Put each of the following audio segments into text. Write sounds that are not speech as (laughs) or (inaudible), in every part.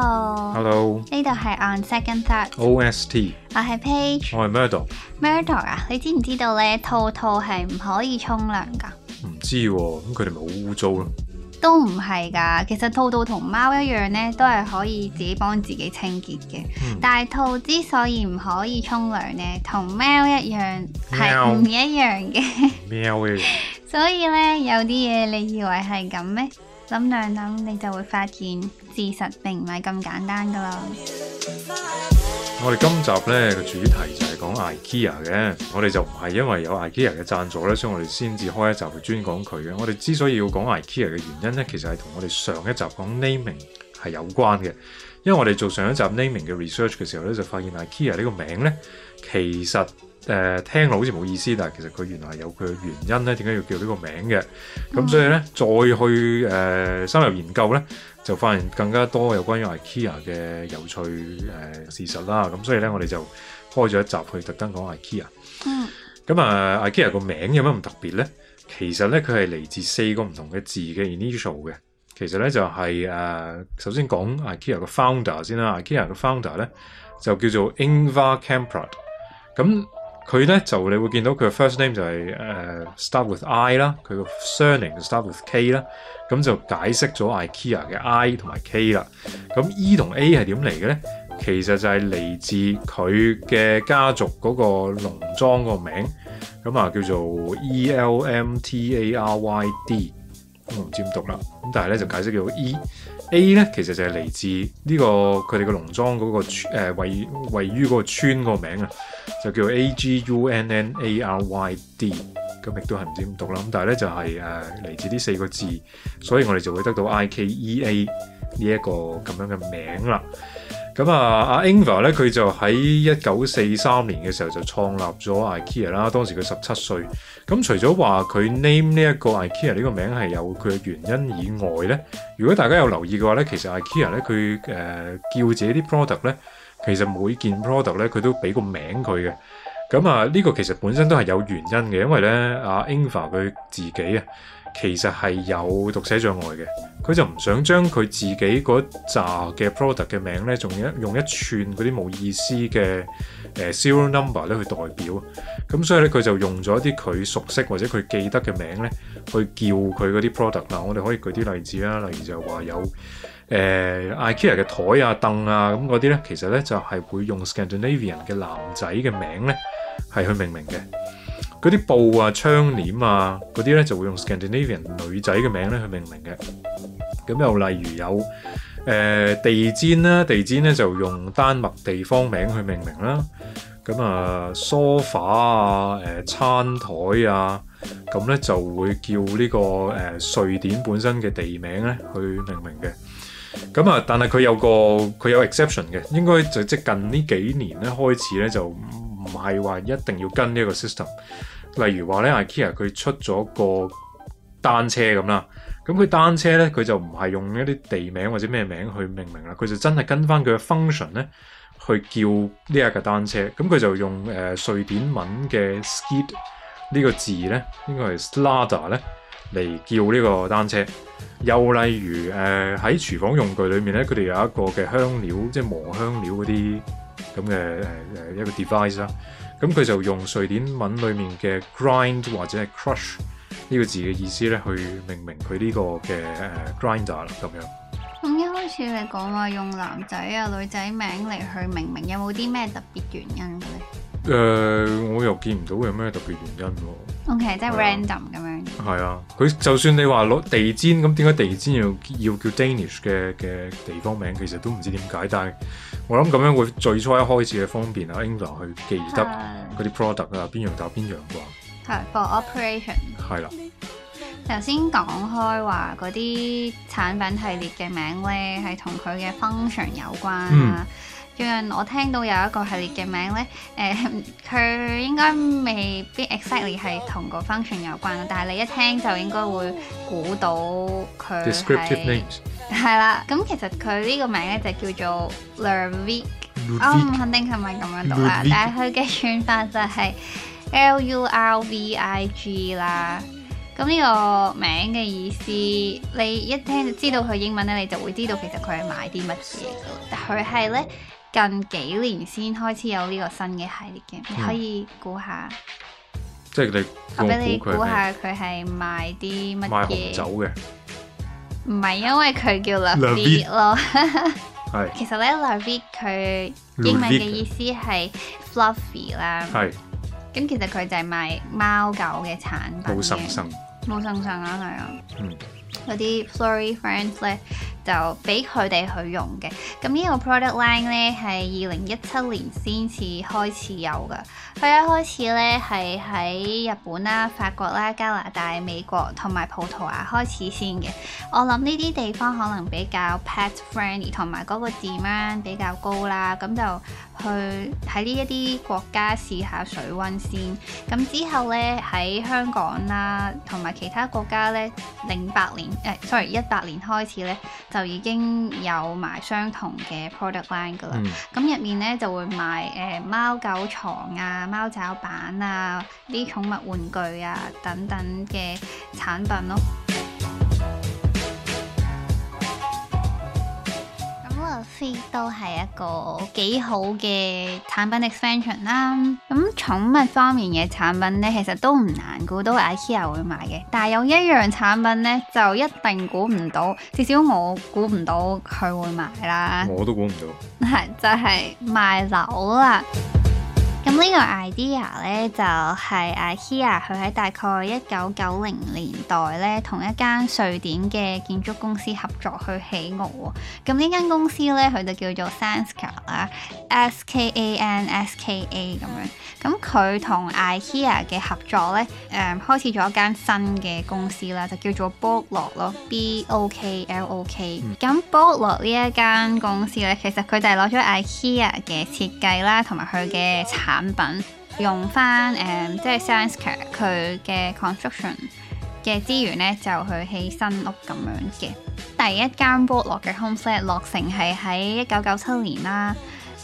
Hello，呢度係 On Second Thought，O S O T，ST. 我係 Page，我係 Murder，Murder 啊，你知唔知道呢兔兔係唔可以沖涼噶？唔知咁佢哋咪好污糟咯？啊、都唔係噶，其實兔兔同貓一樣呢，都係可以自己幫自己清潔嘅。嗯、但係兔之所以唔可以沖涼呢，同貓一樣係唔一樣嘅。喵一樣，一樣喵 (laughs) 所以呢，有啲嘢你以為係咁咩？諗兩諗，你就會發現。事實並唔係咁簡單噶啦。我哋今集咧個主題就係講 IKEA 嘅，我哋就唔係因為有 IKEA 嘅贊助咧，所以我哋先至開一集去專講佢嘅。我哋之所以要講 IKEA 嘅原因咧，其實係同我哋上一集講 Naming 係有關嘅。因為我哋做上一集 Naming 嘅 research 嘅時候咧，就發現 IKEA 呢個名咧，其實誒、呃、聽落好似冇意思，但係其實佢原來有佢嘅原因咧，點解要叫呢個名嘅？咁、嗯、所以咧，再去誒、呃、深入研究咧。就發現更加多有關於 IKEA 嘅有趣誒事實啦，咁所以咧我哋就開咗一集去特登講 IKEA。嗯。咁、嗯、啊，IKEA 個名有乜咁特別咧？其實咧佢係嚟自四個唔同嘅字嘅 initial 嘅。其實咧就係、是、誒、呃，首先講 IKEA 個 founder 先啦。IKEA 個 founder 咧就叫做 Ingvar Kamprad、嗯、咁佢咧就，你會見到佢嘅 first name 就係誒 start with I 啦，佢嘅 surname 就 start with K 啦，咁就解釋咗 IKEA 嘅 I 同埋 K 啦。咁 E 同 A 係點嚟嘅咧？其實就係嚟自佢嘅家族嗰個農莊個名，咁啊叫做 E L M T A R Y D。我唔知點讀啦，咁但係咧就解釋叫 E A 咧，其實就係嚟自呢、呢個佢哋嘅農莊嗰個村位位於嗰個村、呃、個村名啊，就叫做 A G U N N A R Y D，咁亦都係唔知點讀啦，咁但係咧就係誒嚟自呢四個字，所以我哋就會得到 IKEA 呢一個咁樣嘅名啦。咁啊，阿 Inva 咧，佢就喺一九四三年嘅時候就創立咗 IKEA 啦。當時佢十七歲。咁除咗話佢 name 呢一個 IKEA 呢個名係有佢嘅原因以外咧，如果大家有留意嘅話咧，其實 IKEA 咧佢誒、呃、叫自己啲 product 咧，其實每件 product 咧佢都俾個名佢嘅。咁啊，呢、這個其實本身都係有原因嘅，因為咧阿 Inva 佢自己啊。其實係有讀寫障礙嘅，佢就唔想將佢自己嗰扎嘅 product 嘅名咧，仲要用一串嗰啲冇意思嘅誒 serial number 咧去代表，咁所以咧佢就用咗一啲佢熟悉或者佢記得嘅名咧，去叫佢嗰啲 product。嗱，我哋可以舉啲例子啦，例如就話有誒、呃、IKEA 嘅台啊、凳啊咁嗰啲咧，其實咧就係、是、會用 Scandinavian 嘅男仔嘅名咧，係去命名嘅。嗰啲布啊、窗簾啊、嗰啲咧就會用 Scandinavian an 女仔嘅名咧去命名嘅。咁又例如有誒地氈啦，地氈咧、啊啊啊、就用丹麥地方名去命名啦。咁啊，sofa 啊、誒、呃、餐台啊，咁咧就會叫呢、這個誒、呃、瑞典本身嘅地名咧去命名嘅。咁啊，但係佢有個佢有 exception 嘅，應該就即近呢幾年咧開始咧就。唔係話一定要跟呢一個 system，例如話咧，IKEA 佢出咗個單車咁啦，咁佢單車咧佢就唔係用一啲地名或者咩名去命名啦，佢就真係跟翻佢嘅 function 咧去叫呢一架單車，咁佢就用誒瑞典文嘅 skid 呢個字咧，應該係 slader 咧嚟叫呢個單車。又例如誒喺、呃、廚房用具裏面咧，佢哋有一個嘅香料，即係磨香料嗰啲。咁嘅誒誒一個 device 啦、啊，咁、嗯、佢就用瑞典文裡面嘅 grind 或者係 crush 呢個字嘅意思咧，去命名佢呢個嘅誒 grinder 啦，咁樣。咁一開始你講話用男仔啊女仔名嚟去命名，有冇啲咩特別原因嘅咧？誒、呃，我又見唔到有咩特別原因喎。OK，即係 random 咁、呃、樣。係啊，佢就算你話攞地氈咁，點解地氈要要叫 Danish 嘅嘅地方名？其實都唔知點解，但係。我諗咁樣會最初一開始嘅方便啊 Ingela 去記得嗰啲 product 啊、uh,，邊樣就邊樣啩。係，for operation 了。係啦。頭先講開話嗰啲產品系列嘅名咧，係同佢嘅 function 有關啦、啊。最近、嗯、我聽到有一個系列嘅名咧，誒、呃，佢應該未必 exactly 係同個 function 有關，但係你一聽就應該會估到佢係。Descriptive names. 係啦，咁其實佢呢個名咧就叫做 Lurvig，、哦、我唔肯定係咪咁樣讀啦，uv ique, 但係佢嘅串法就係 L U R V I G 啦。咁呢個名嘅意思，你一聽就知道佢英文咧，你就會知道其實佢係賣啲乜嘢噶。但佢係咧近幾年先開始有呢個新嘅系列嘅，你、嗯、可以估下。即係你我俾你估下買，佢係賣啲乜嘢？酒嘅。唔係因為佢叫 Lovie 咯，係 (laughs) 是其實咧 Lovie 佢英文嘅意思係 fluffy 啦，係咁，是其實佢就係賣貓狗嘅產品，冇信心，冇信心啊係啊，啊嗯啲 Fluffy Friends 咧。就俾佢哋去用嘅。咁呢個 product line 呢，係二零一七年先至開始有㗎。佢一開始呢，係喺日本啦、啊、法國啦、啊、加拿大、美國同埋葡萄牙開始先嘅。我諗呢啲地方可能比較 pet friendly，同埋嗰個 demand 比較高啦。咁就去喺呢一啲國家試下水溫先。咁之後呢，喺香港啦、啊，同埋其他國家呢，零八年、欸、sorry 一八年開始咧就就已經有埋相同嘅 product line 噶啦，咁入、嗯、面呢，就會賣誒、呃、貓狗床啊、貓爪板啊、啲寵物玩具啊等等嘅產品咯。都係一個幾好嘅產品 extension 啦。咁寵物方面嘅產品呢，其實都唔難估到 IKEA 會買嘅。但係有一樣產品呢，就一定估唔到，至少，少我估唔到佢會買啦。我都估唔到，係 (laughs) 就係、是、賣樓啦。咁呢個 idea 咧，就係、是、IKEA，佢喺大概一九九零年代咧，同一間瑞典嘅建築公司合作去起屋。咁呢間公司咧，佢就叫做 Skanska 啦，S K A N S K A 咁樣。咁佢同 IKEA 嘅合作咧，誒、嗯、開始咗一間新嘅公司啦，就叫做 Boklok 咯，B O K L O K。咁、嗯、Boklok 呢一間公司咧，其實佢哋攞咗 IKEA 嘅設計啦，同埋佢嘅產品用翻誒、嗯，即係 Skanska 佢嘅 construction 嘅資源咧，就去起新屋咁樣嘅。第一間 BoKlok 嘅 homeset 落成係喺一九九七年啦。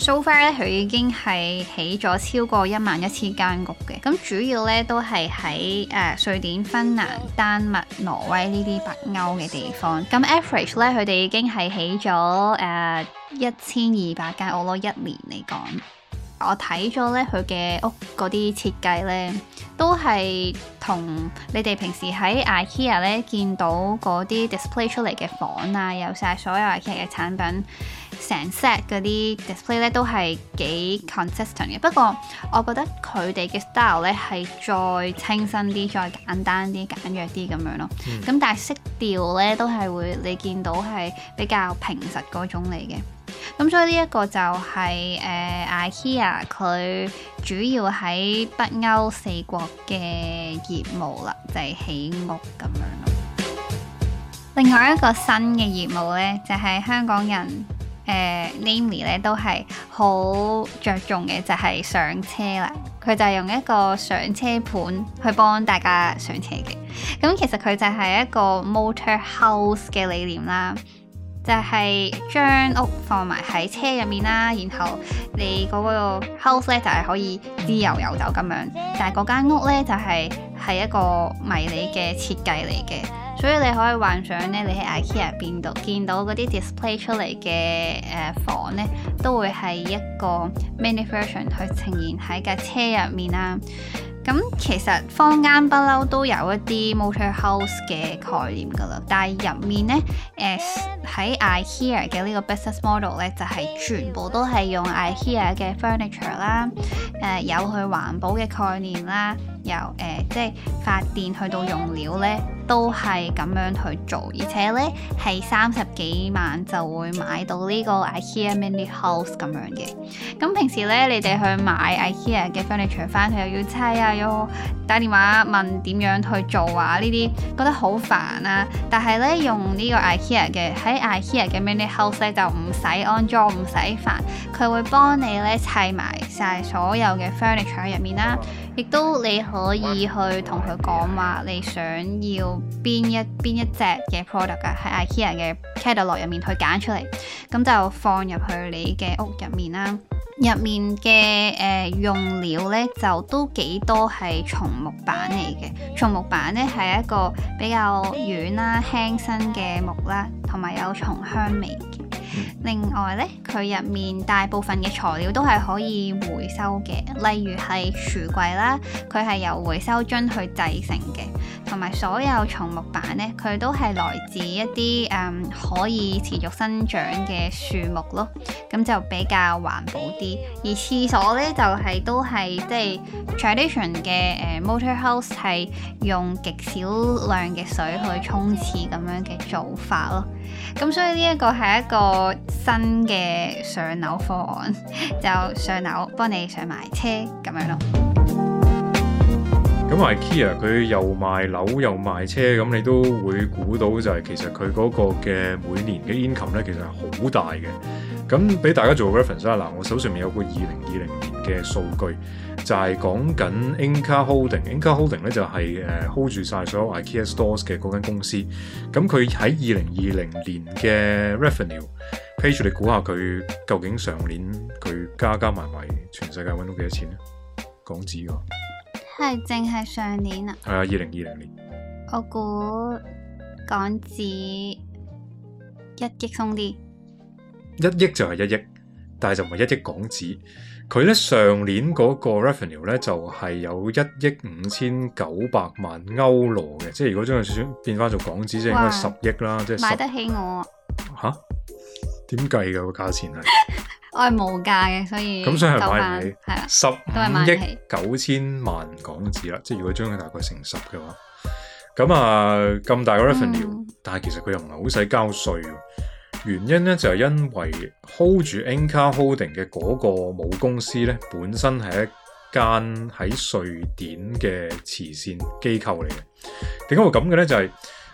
So far 咧，佢已經係起咗超過一萬一千間屋嘅。咁主要咧都係喺誒瑞典、芬蘭、丹麥、挪威呢啲北歐嘅地方。咁 Average 咧，佢哋已經係起咗誒一千二百間屋咯，呃、1, 一年嚟講。我睇咗咧，佢嘅屋嗰啲設計咧，都係同你哋平時喺 IKEA 咧見到嗰啲 display 出嚟嘅房啊，有晒所有 IKEA 嘅產品成 set 嗰啲 display 咧，都係幾 consistent 嘅。不過我覺得佢哋嘅 style 咧係再清新啲、再簡單啲、簡約啲咁樣咯。咁、嗯、但係色調咧都係會你見到係比較平實嗰種嚟嘅。咁所以呢一個就係、是、誒、呃、IKEA 佢主要喺北歐四國嘅業務啦，就係、是、起屋咁樣。另外一個新嘅業務呢，就係、是、香港人、呃、namely 咧都係好着重嘅，就係、是、上車啦。佢就係用一個上車盤去幫大家上車嘅。咁其實佢就係一個 motor house 嘅理念啦。就係將屋放埋喺車入面啦，然後你嗰個 house 呢就係可以自由遊走咁樣，但係嗰間屋呢就係、是。係一個迷你嘅設計嚟嘅，所以你可以幻想咧，你喺 IKEA 入邊度見到嗰啲 display 出嚟嘅誒房咧，都會係一個 mini version 去呈現喺架車入面啦。咁、嗯、其實坊間不嬲都有一啲 motorhouse 嘅概念噶啦，但係入面咧誒喺 IKEA 嘅呢、呃、個 business model 咧，就係、是、全部都係用 IKEA 嘅 furniture 啦，誒、呃、有佢環保嘅概念啦。由誒、呃，即係發電去到用料咧。都係咁樣去做，而且呢係三十幾萬就會買到呢個 IKEA mini house 咁樣嘅。咁平時呢，你哋去買 IKEA 嘅 furniture，翻去又要砌啊，要打電話問點樣去做啊，呢啲覺得好煩啊。但係呢，用呢個 IKEA 嘅喺 IKEA 嘅 Mini House 呢就唔使安裝，唔使煩，佢會幫你呢砌埋晒所有嘅 furniture 入面啦。亦都你可以去同佢講話，你想要。邊一邊一隻嘅 product 喺 IKEA 嘅 catalogue 入面去揀出嚟，咁就放入去你嘅屋入面啦。入面嘅誒、呃、用料呢，就都幾多係松木板嚟嘅。松木板呢，係一個比較軟啦、輕身嘅木啦，同埋有松香味嘅。另外呢，佢入面大部分嘅材料都係可以回收嘅，例如係櫥櫃啦，佢係由回收樽去製成嘅。同埋所有松木板咧，佢都係來自一啲誒、嗯、可以持續生長嘅樹木咯，咁就比較環保啲。而廁所咧就係、是、都係即係 tradition 嘅誒 motorhouse，係用極少量嘅水去沖廁咁樣嘅做法咯。咁所以呢一個係一個新嘅上樓方案，就上樓幫你上埋車咁樣咯。咁 IKEA 佢又賣樓又賣車，咁你都會估到就係其實佢嗰個嘅每年嘅 income 咧，其實係好大嘅。咁俾大家做 reference 啦、啊，嗱，我手上面有個二零二零年嘅數據，就係、是、講緊 Inca Holding。Inca Holding 咧就係、是、誒 hold 住晒所有 IKEA Stores 嘅嗰間公司。咁佢喺二零二零年嘅 revenue page，你估下佢究竟上年佢加加埋埋全世界揾到幾多錢咧？港紙係淨係上年啊，係啊，二零二零年。我估港紙一億鬆啲，一億就係一億，但係就唔係一億港紙。佢咧上年嗰個 revenue 咧就係、是、有一億五千九百萬歐羅嘅，即係如果將佢變翻做港紙，即係應該十億啦，哇即係買得起我啊？吓？點計噶個價錢啊？ (laughs) 我係無價嘅，所以咁所以係買嚟，係啦，十五億九千萬港紙啦。即係如果將佢大概乘十嘅話，咁啊咁大個 revenue，、嗯、但係其實佢又唔係好使交稅嘅原因咧，就係、是、因為 hold 住 Ingka Holding 嘅嗰個母公司咧，本身係一間喺瑞典嘅慈善機構嚟嘅。點解會咁嘅咧？就係、是。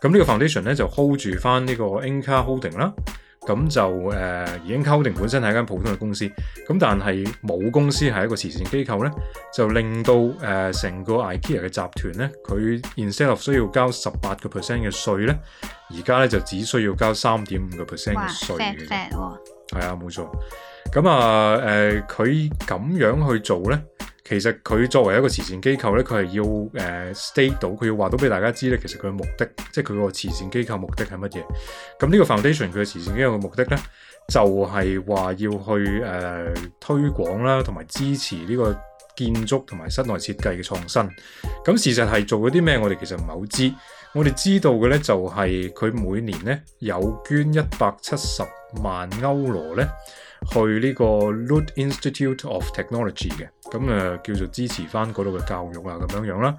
咁呢個 foundation 咧就 hold 住返呢個 Incar Holding 啦，咁就誒 Incar Holding 本身係間普通嘅公司，咁但係冇公司係一個慈善機構咧，就令到誒成、呃、個 IKEA 嘅集團咧，佢 instead of 需要交十八個 percent 嘅稅咧，而家咧就只需要交三點五個 percent 嘅稅嘅，係、哦、啊，冇錯，咁啊誒佢咁樣去做咧。其實佢作為一個慈善機構咧，佢係要誒 state 到，佢、呃、要話到俾大家知咧。其實佢嘅目的，即係佢個慈善機構目的係乜嘢？咁呢個 foundation 佢嘅慈善機構嘅目的咧，就係、係、話要去誒、呃、推廣啦，同埋支持呢個建築同埋室內設計嘅創新。咁事實係做咗啲咩？我哋其實唔係好知。我哋知道嘅咧，就係佢每年咧有捐一百七十萬歐羅咧。去呢個 Lund Institute of Technology 嘅，咁誒叫做支持翻嗰度嘅教育啊，咁樣樣啦。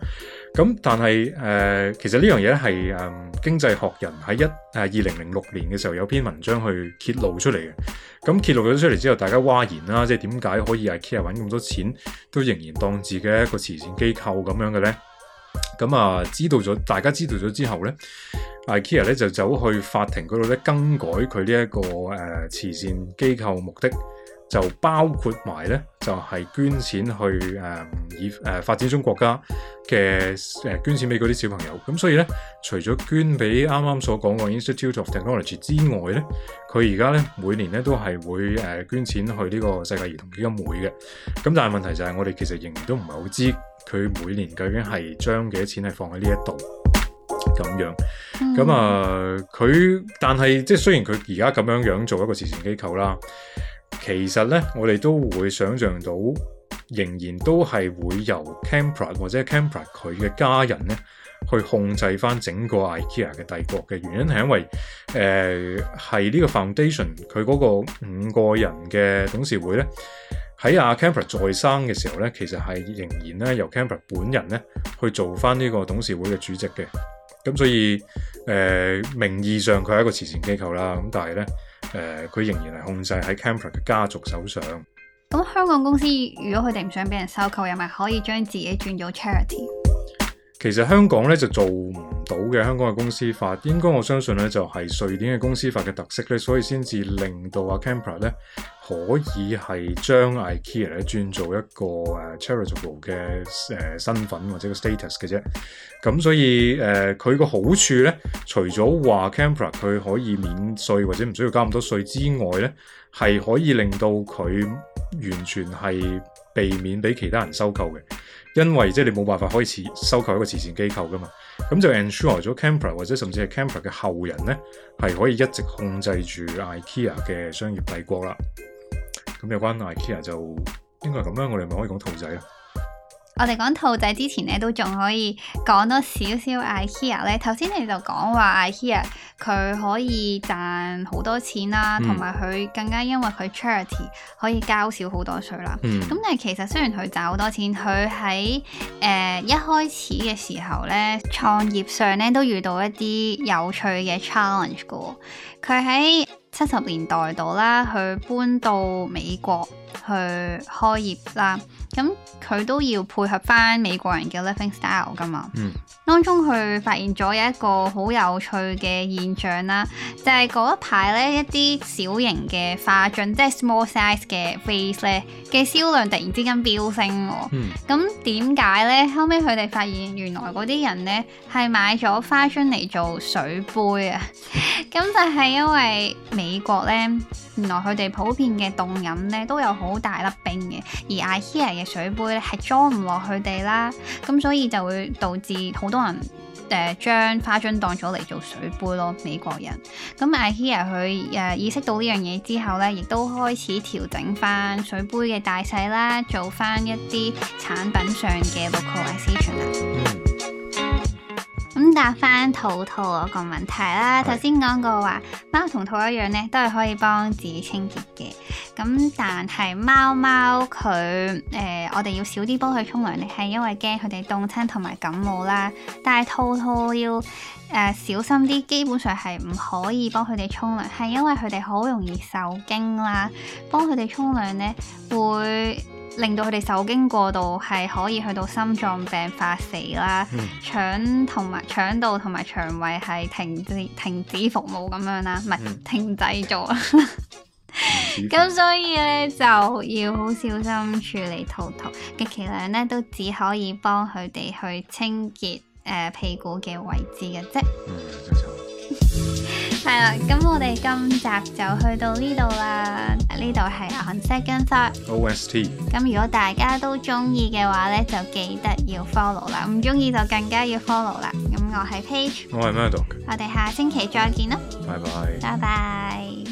咁但係誒，其實呢樣嘢咧係誒經濟學人喺一誒二零零六年嘅時候有篇文章去揭露出嚟嘅。咁、嗯、揭露咗出嚟之後，大家挖然嘩然啦，即係點解可以 IKEA 揾咁多錢，都仍然當自己係一個慈善機構咁樣嘅咧？咁啊，知道咗大家知道咗之後咧，IKEA 咧就走去法庭嗰度咧更改佢呢一個誒、呃、慈善機構目的，就包括埋咧就係、是、捐錢去誒、呃、以誒、呃、發展中國家嘅誒、呃、捐錢俾嗰啲小朋友。咁所以咧，除咗捐俾啱啱所講個 Institute of Technology 之外咧，佢而家咧每年咧都係會誒捐錢去呢個世界兒童基金會嘅。咁但係問題就係我哋其實仍然都唔係好知。佢每年究竟係將幾多錢係放喺呢一度咁樣？咁啊，佢但係即係雖然佢而家咁樣樣做一個慈善機構啦，其實咧我哋都會想像到，仍然都係會由 Campra 或者 Campra 佢嘅家人咧，去控制翻整個 IKEA 嘅帝國嘅原因係因為，誒係呢個 foundation 佢嗰個五個人嘅董事會咧，喺阿 Camper 在生嘅時候咧，其實係仍然咧由 Camper 本人咧去做翻呢個董事會嘅主席嘅。咁所以誒、呃，名義上佢係一個慈善機構啦，咁但係咧誒，佢、呃、仍然係控制喺 Camper 嘅家族手上。咁香港公司如果佢哋唔想俾人收購，又咪可以將自己轉做 charity？其實香港咧就做唔到嘅，香港嘅公司法應該我相信咧就係、是、瑞典嘅公司法嘅特色咧，所以先至令到阿 Campra 咧可以係將 IKEA 咧轉做一個誒、uh, charitable 嘅誒、uh, 身份或者個 status 嘅啫。咁所以誒佢個好處咧，除咗話 Campra 佢可以免稅或者唔需要交咁多稅之外咧，係可以令到佢完全係避免俾其他人收購嘅，因為即係你冇辦法開始收購一個慈善機構噶嘛，咁就 ensure 咗 Kamprad 或者甚至係 Kamprad 嘅後人呢係可以一直控制住 IKEA 嘅商業帝國啦。咁有關 IKEA 就，應該係咁啦，我哋咪可以講兔仔我哋講兔仔之前咧，都仲可以講多少少 IKEA 咧。頭先你就講話 IKEA 佢可以賺好多錢啦，同埋佢更加因為佢 charity 可以交少好多稅啦。咁、嗯、但係其實雖然佢賺好多錢，佢喺誒一開始嘅時候咧，創業上咧都遇到一啲有趣嘅 challenge 噶。佢喺七十年代度啦，佢搬到美國。去開業啦，咁佢都要配合翻美國人嘅 living style 㗎嘛。嗯、當中佢發現咗有一個好有趣嘅現象啦，就係、是、嗰一排呢一啲小型嘅花樽，即、就、係、是、small size 嘅 vase 呢嘅銷量突然之間飆升。咁點解呢？後尾佢哋發現原來嗰啲人呢係買咗花樽嚟做水杯啊。咁 (laughs) (laughs) 就係因為美國呢，原來佢哋普遍嘅凍飲呢都有，好大粒冰嘅，而 IKEA 嘅水杯咧係裝唔落佢哋啦，咁所以就會導致好多人誒、呃、將花樽當咗嚟做水杯咯，美國人。咁 IKEA 佢誒意識到呢樣嘢之後咧，亦都開始調整翻水杯嘅大細啦，做翻一啲產品上嘅 localisation 啦。咁答翻兔兔嗰個問題啦，頭先講過話，貓同兔一樣咧，都係可以幫自己清潔嘅。咁但係貓貓佢誒、呃，我哋要少啲幫佢沖涼，係因為驚佢哋凍親同埋感冒啦。但係兔兔要誒、呃、小心啲，基本上係唔可以幫佢哋沖涼，係因為佢哋好容易受驚啦。幫佢哋沖涼呢，會令到佢哋受驚過度，係可以去到心臟病發死啦，嗯、腸同埋腸道同埋腸胃係停止停止服務咁樣啦，唔係、嗯、停止咗啦。咁 (laughs) (laughs) 所以咧就要好小心處理兔兔嘅，極其量咧都只可以幫佢哋去清潔誒、呃、屁股嘅位置嘅啫。嗯嗯嗯嗯。係啦，咁我哋今集就去到呢度啦。呢度係 On Second Thought，O S T。咁如果大家都中意嘅話咧，就記得要 follow 啦。唔中意就更加要 follow 啦。咁我係 Page，我係 Madok，我哋下星期再見啦。拜拜，拜拜。